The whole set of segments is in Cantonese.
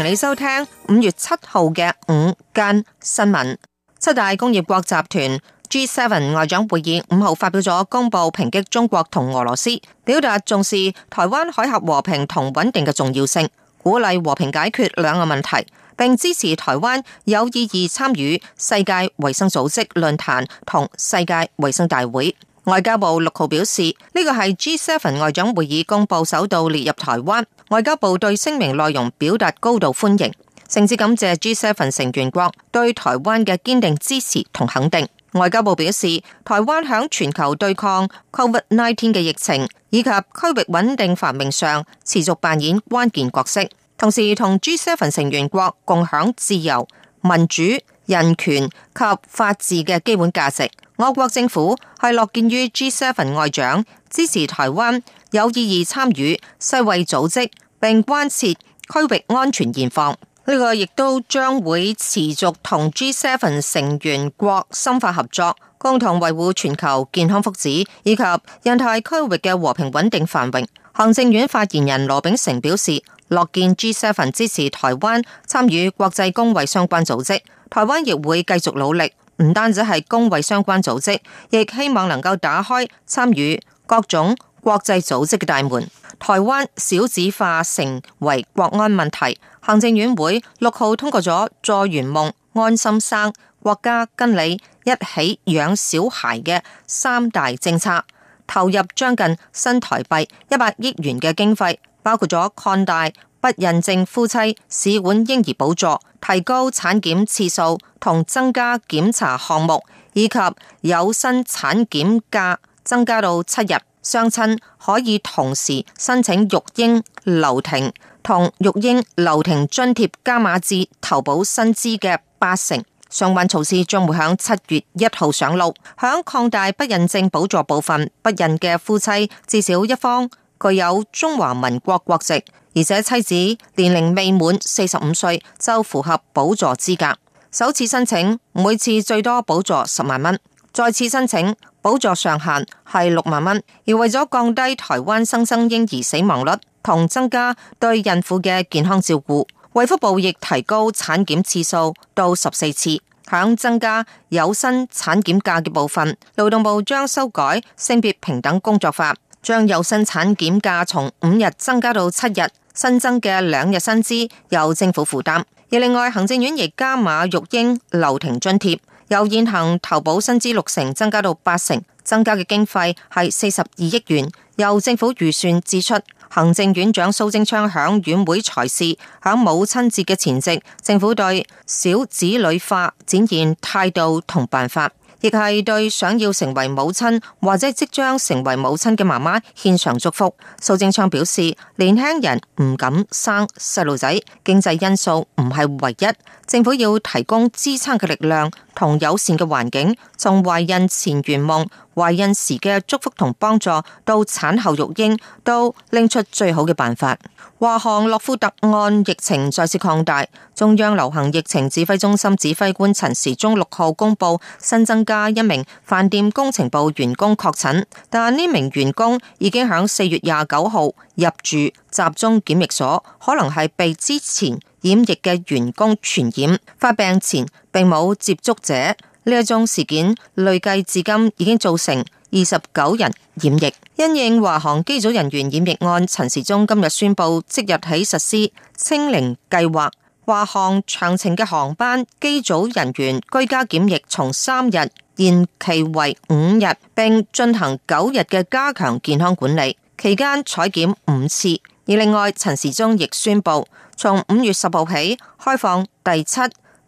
請你收聽五月七號嘅午間新聞。七大工業國集團 G Seven 外長會議五號發表咗公報，抨擊中國同俄羅斯，表達重視台灣海峽和平同穩定嘅重要性，鼓勵和平解決兩個問題，並支持台灣有意義參與世界衛生組織論壇同世界衛生大會。外交部六號表示，呢個係 G7 外長會議公布首度列入台灣。外交部對聲明內容表達高度歡迎，甚至感謝 G7 成員國對台灣嘅堅定支持同肯定。外交部表示，台灣響全球對抗 COVID-19 嘅疫情以及區域穩定繁榮上持續扮演關鍵角色，同時同 G7 成員國共享自由、民主、人權及法治嘅基本價值。我國政府係樂見於 G7 外長支持台灣有意義參與世衛組織，並關切區域安全現況。呢個亦都將會持續同 G7 成員國深化合作，共同維護全球健康福祉以及印太區域嘅和平穩定繁榮。行政院發言人羅秉成表示，樂見 G7 支持台灣參與國際公衛相關組織，台灣亦會繼續努力。唔單止係公衛相關組織，亦希望能夠打開參與各種國際組織嘅大門。台灣少子化成為國安問題，行政院會六號通過咗助圓夢、安心生、國家跟你一起養小孩嘅三大政策，投入將近新台幣一百億元嘅經費，包括咗擴大。不孕症夫妻試管嬰兒補助提高產檢次數，同增加檢查項目，以及有薪產檢假增加到七日。雙親可以同時申請育嬰留停同育嬰留停津貼，加碼至投保薪資嘅八成。相關措施將會喺七月一號上路。響擴大不孕症補助部分，不孕嘅夫妻至少一方具有中華民國國籍。而且妻子年齡未滿四十五歲就符合補助資格，首次申請每次最多補助十萬蚊，再次申請補助上限係六萬蚊。而為咗降低台灣新生嬰兒死亡率同增加對孕婦嘅健康照顧，衛福部亦提高產檢次數到十四次，響增加有薪產檢假嘅部分，勞動部將修改性別平等工作法。將有薪產檢假從五日增加到七日，新增嘅兩日薪資由政府負擔。而另外，行政院亦加碼育嬰留停津貼，由現行投保薪資六成增加到八成，增加嘅經費係四十二億元，由政府預算支出。行政院長蘇貞昌響院會裁示，響母親節嘅前夕，政府對少子女化展現態度同辦法。亦係對想要成為母親或者即將成為母親嘅媽媽獻上祝福。蘇貞昌表示，年輕人唔敢生細路仔，經濟因素唔係唯一，政府要提供支撐嘅力量同友善嘅環境，仲懷孕前圓夢。懷孕時嘅祝福同幫助，到產後育嬰，都拎出最好嘅辦法。華航諾富特案疫情再次擴大，中央流行疫情指揮中心指揮官陳時中六號公布新增加一名飯店工程部員工確診，但呢名員工已經響四月廿九號入住集中檢疫所，可能係被之前染疫嘅員工傳染，發病前並冇接觸者。呢一宗事件累計至今已經造成二十九人染疫。因應華航機組人員染疫案，陳時中今日宣布即日起實施清零計劃，華航長程嘅航班機組人員居家檢疫從三日延期為五日，並進行九日嘅加強健康管理，期間採檢五次。而另外，陳時中亦宣布從五月十號起開放第七、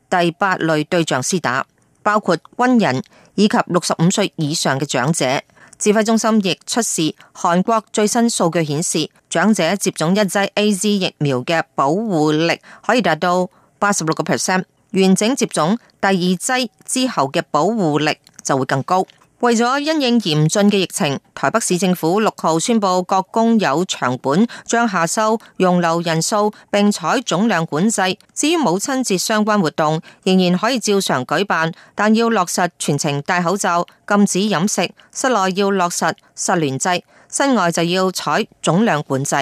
第八類對象施打。包括軍人以及六十五歲以上嘅長者，指揮中心亦出示韓國最新數據顯示，長者接種一劑 AZ 疫苗嘅保護力可以達到八十六個 percent，完整接種第二劑之後嘅保護力就會更高。為咗因應嚴峻嘅疫情，台北市政府六號宣布，各公有場館將下收容留人數，並採總量管制。至於母親節相關活動，仍然可以照常舉辦，但要落實全程戴口罩，禁止飲食，室內要落實實聯制，室外就要採總量管制。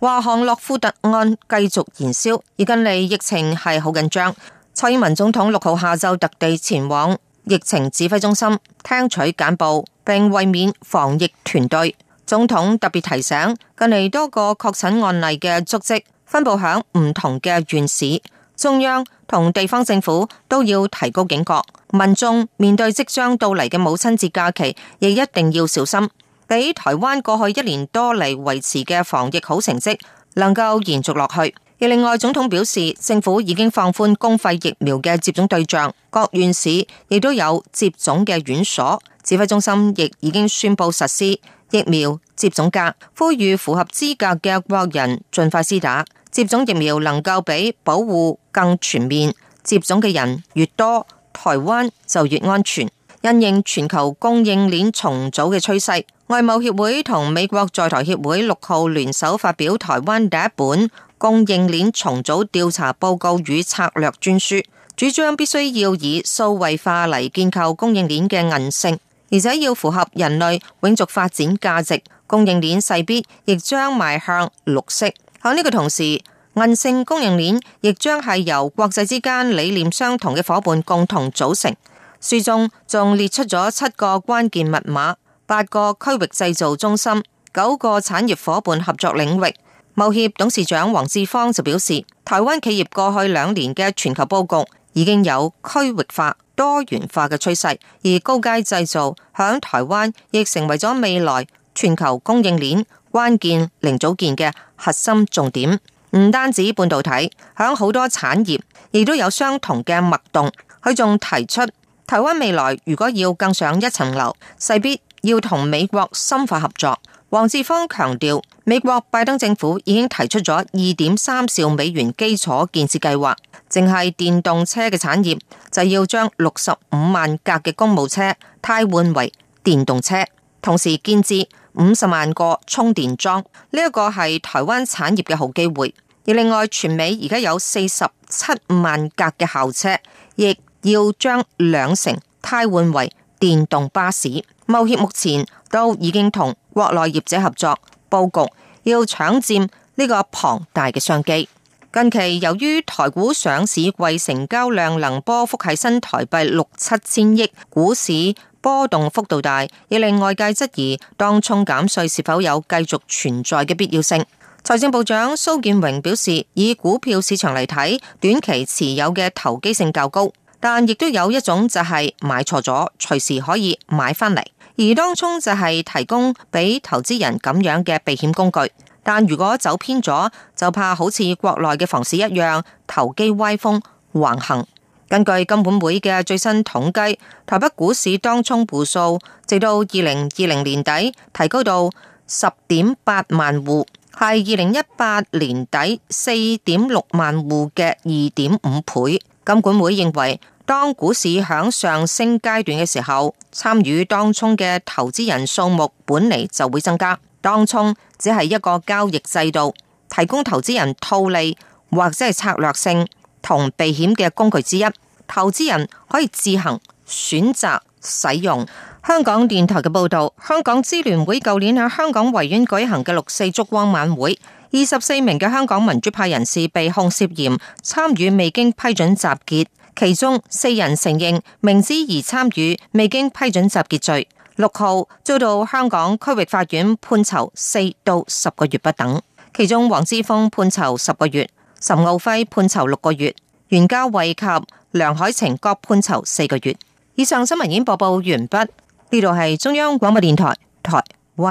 華航諾富特案繼續燃燒，而近嚟疫情係好緊張。蔡英文總統六號下晝特地前往，疫情指揮中心聽取簡報，並慰勉防疫團隊。總統特別提醒，近嚟多個確診案例嘅足跡分布響唔同嘅縣市，中央同地方政府都要提高警覺。民眾面對即將到嚟嘅母親節假期，亦一定要小心，俾台灣過去一年多嚟維持嘅防疫好成績能夠延續落去。而另外，總統表示，政府已經放寬公費疫苗嘅接種對象，各縣市亦都有接種嘅院所，指揮中心，亦已經宣布實施疫苗接種假，呼籲符合資格嘅國人盡快施打。接種疫苗能夠比保護更全面，接種嘅人越多，台灣就越安全。因應全球供應鏈重組嘅趨勢，外貿協會同美國在台協會六號聯手發表台灣第一本供應鏈重組調查報告與策略專書主張，必須要以數位化嚟建構供應鏈嘅韌性，而且要符合人類永續發展價值。供應鏈勢必亦將邁向綠色。響呢個同時，韌性供應鏈亦將係由國際之間理念相同嘅伙伴共同組成。書中仲列出咗七個關鍵密碼、八個區域製造中心、九個產業伙伴合作領域。茂貿協董事長黃志芳就表示，台灣企業過去兩年嘅全球布局已經有區域化、多元化嘅趨勢，而高階製造響台灣亦成為咗未來全球供應鏈關鍵零組件嘅核心重點。唔單止半導體，響好多產業亦都有相同嘅脈動。佢仲提出，台灣未來如果要更上一層樓，勢必要同美國深化合作。黃志芳強調，美國拜登政府已經提出咗二點三兆美元基礎建設計劃，淨係電動車嘅產業就要將六十五萬架嘅公務車替換為電動車，同時建設五十萬個充電樁。呢一個係台灣產業嘅好機會。而另外，全美而家有四十七萬架嘅校車，亦要將兩成替換為電動巴士。貿協目前都已經同國內業者合作，布局要搶佔呢個龐大嘅商機。近期由於台股上市櫃成交量能波幅喺新台幣六七千億，股市波動幅度大，亦令外界質疑當沖減稅是否有繼續存在嘅必要性。財政部長蘇建榮表示，以股票市場嚟睇，短期持有嘅投機性較高，但亦都有一種就係買錯咗，隨時可以買翻嚟。而當沖就係提供俾投資人咁樣嘅避險工具，但如果走偏咗，就怕好似國內嘅房市一樣，投機歪風橫行。根據金管會嘅最新統計，台北股市當沖戶數，直到二零二零年底提高到十點八萬戶，係二零一八年底四點六萬戶嘅二點五倍。金管會認為，當股市響上升階段嘅時候，參與當沖嘅投資人數目本嚟就會增加。當沖只係一個交易制度，提供投資人套利或者係策略性同避險嘅工具之一。投資人可以自行選擇使用。香港電台嘅報道，香港支聯會舊年喺香港維園舉行嘅六四燭光晚會。二十四名嘅香港民主派人士被控涉嫌參與未經批准集結，其中四人承認明知而參與未經批准集結罪。六號遭到香港區域法院判囚四到十個月不等，其中黃之鋒判囚十個月，岑敖暉判囚六個月，袁嘉蔚及梁凱晴各判囚四個月。以上新聞已經播報完畢，呢度係中央廣播電台台。